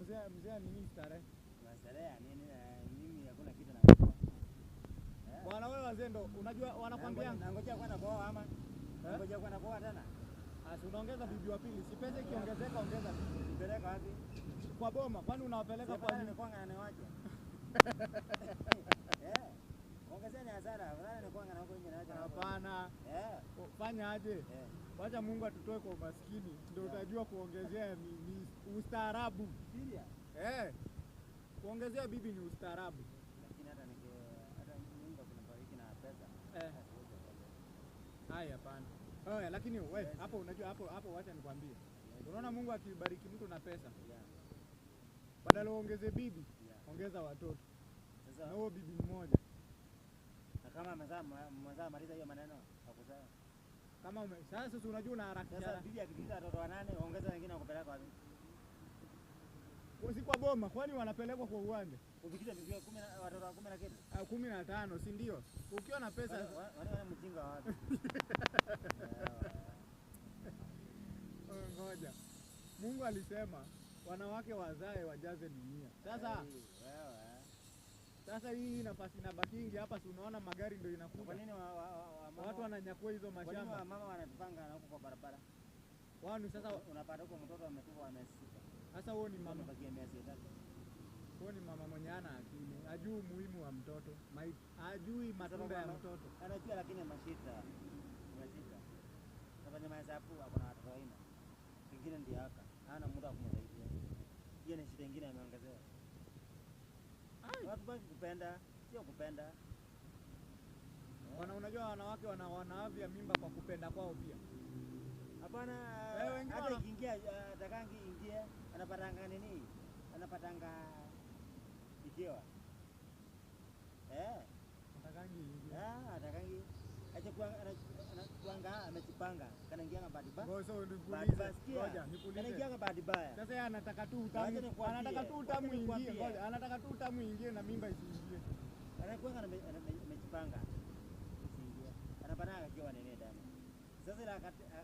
Mzee mzee nini starehe? Starehe nini? Eh, mimi hakuna kitu na eh? Bwana wewe wazee ndo unajua eh, wanakwambia ngojea kwanza kuoa ama ngojea kwanza kuoa tena. Asi ah, unaongeza bibi wa pili, si pesa ikiongezeka ongeza bibi. Peleka wapi? Kwa boma, kwani unawapeleka kwa nini? Kwa ngana waje. Eh. Ongezeni hasara, wala ni kwa ngana aje yeah. Wacha Mungu atutoe kwa umaskini ndio yeah. Utajua kuongezea ni, ni ustaarabu eh. Kuongezea bibi ni ustaarabu eh. Haya, hapana. Oh, lakini we hapo, unajua hapo hapo, wacha nikwambie, unaona Mungu akibariki mtu na pesa, badala uongeze bibi, ongeza watoto na huo bibi mmoja, na kama mwenzaa maliza hiyo maneno akuzaa kama ume sasa, si unajua una haraka. Sasa bibi akipita watoto wanane, ongeza wengine wakupeleka wapi? Si kwa boma, kwani wanapelekwa kwa uwanja? Ukikiza bibi watoto wa kumi na kitu ah, kumi na tano, si ndio? Ukiwa na pesa wale wale mjinga watu oh, Ngoja, Mungu alisema wanawake wazae wajaze dunia. Sasa sasa hii nafasi na bakingi hapa, si unaona magari ndio inakuja. Kwa nini wa, wa, wa, wa, watu wananyakua hizo mashamba, mama wanapanga na huko kwa barabara wanu. Sasa unapata huko mtoto ametupa amesika. Sasa huo ni mama bakia miezi tatu, huo ni mama mwenye ana akili, ajui umuhimu wa mtoto, ajui matunda ya mtoto, anajua lakini amashika ameshika kafanya mahesabu, akona watoto waina wengine ndio haka hana muda wa kumsaidia. Hiyo ni shida ingine ameongezewa. Watu baki kupenda, sio kupenda Wana unajua wanawake wana wanaavya mimba kwa kupenda kwao pia. Hapana, eh, hata ikiingia eh, atakangi ingia anapatanga nini? Anapatanga ikiwa. Eh. Atakangi ingia. Ah, eh, atakangi. Acha kwa anakuanga amejipanga. Kanaingia ngabadi ba. Ngoja sasa Ngoja nikuulize. Kanaingia ngabadi baya. Sasa yeye anataka tu utamu. Anataka tu utamu ingie. Ngoja, anataka tu utamu ingie na mimba isiingie. Anakuanga na Sasa ile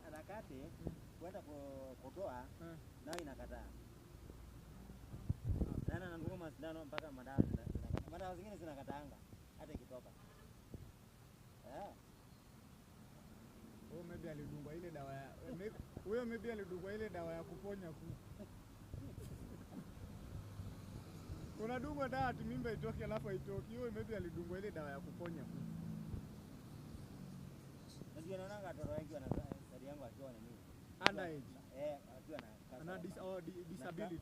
harakati eh, kwenda kutoa hmm. nayo inakataa. Tena yaani anadungwa masindano mpaka madawa madawa zingine zinakataanga hata ikitoka. Eh. Huyo maybe alidungwa ile dawa ya huyo eh, maybe alidungwa ile dawa ya kuponya ku. Unadungwa dawa ati mimba itoke alafu haitoki. Huyo maybe alidungwa ile dawa ya kuponya ku. Ndio naona watoto wengi wana yangu akiwa na nini? Underage. Eh, akiwa na ana oh, disability.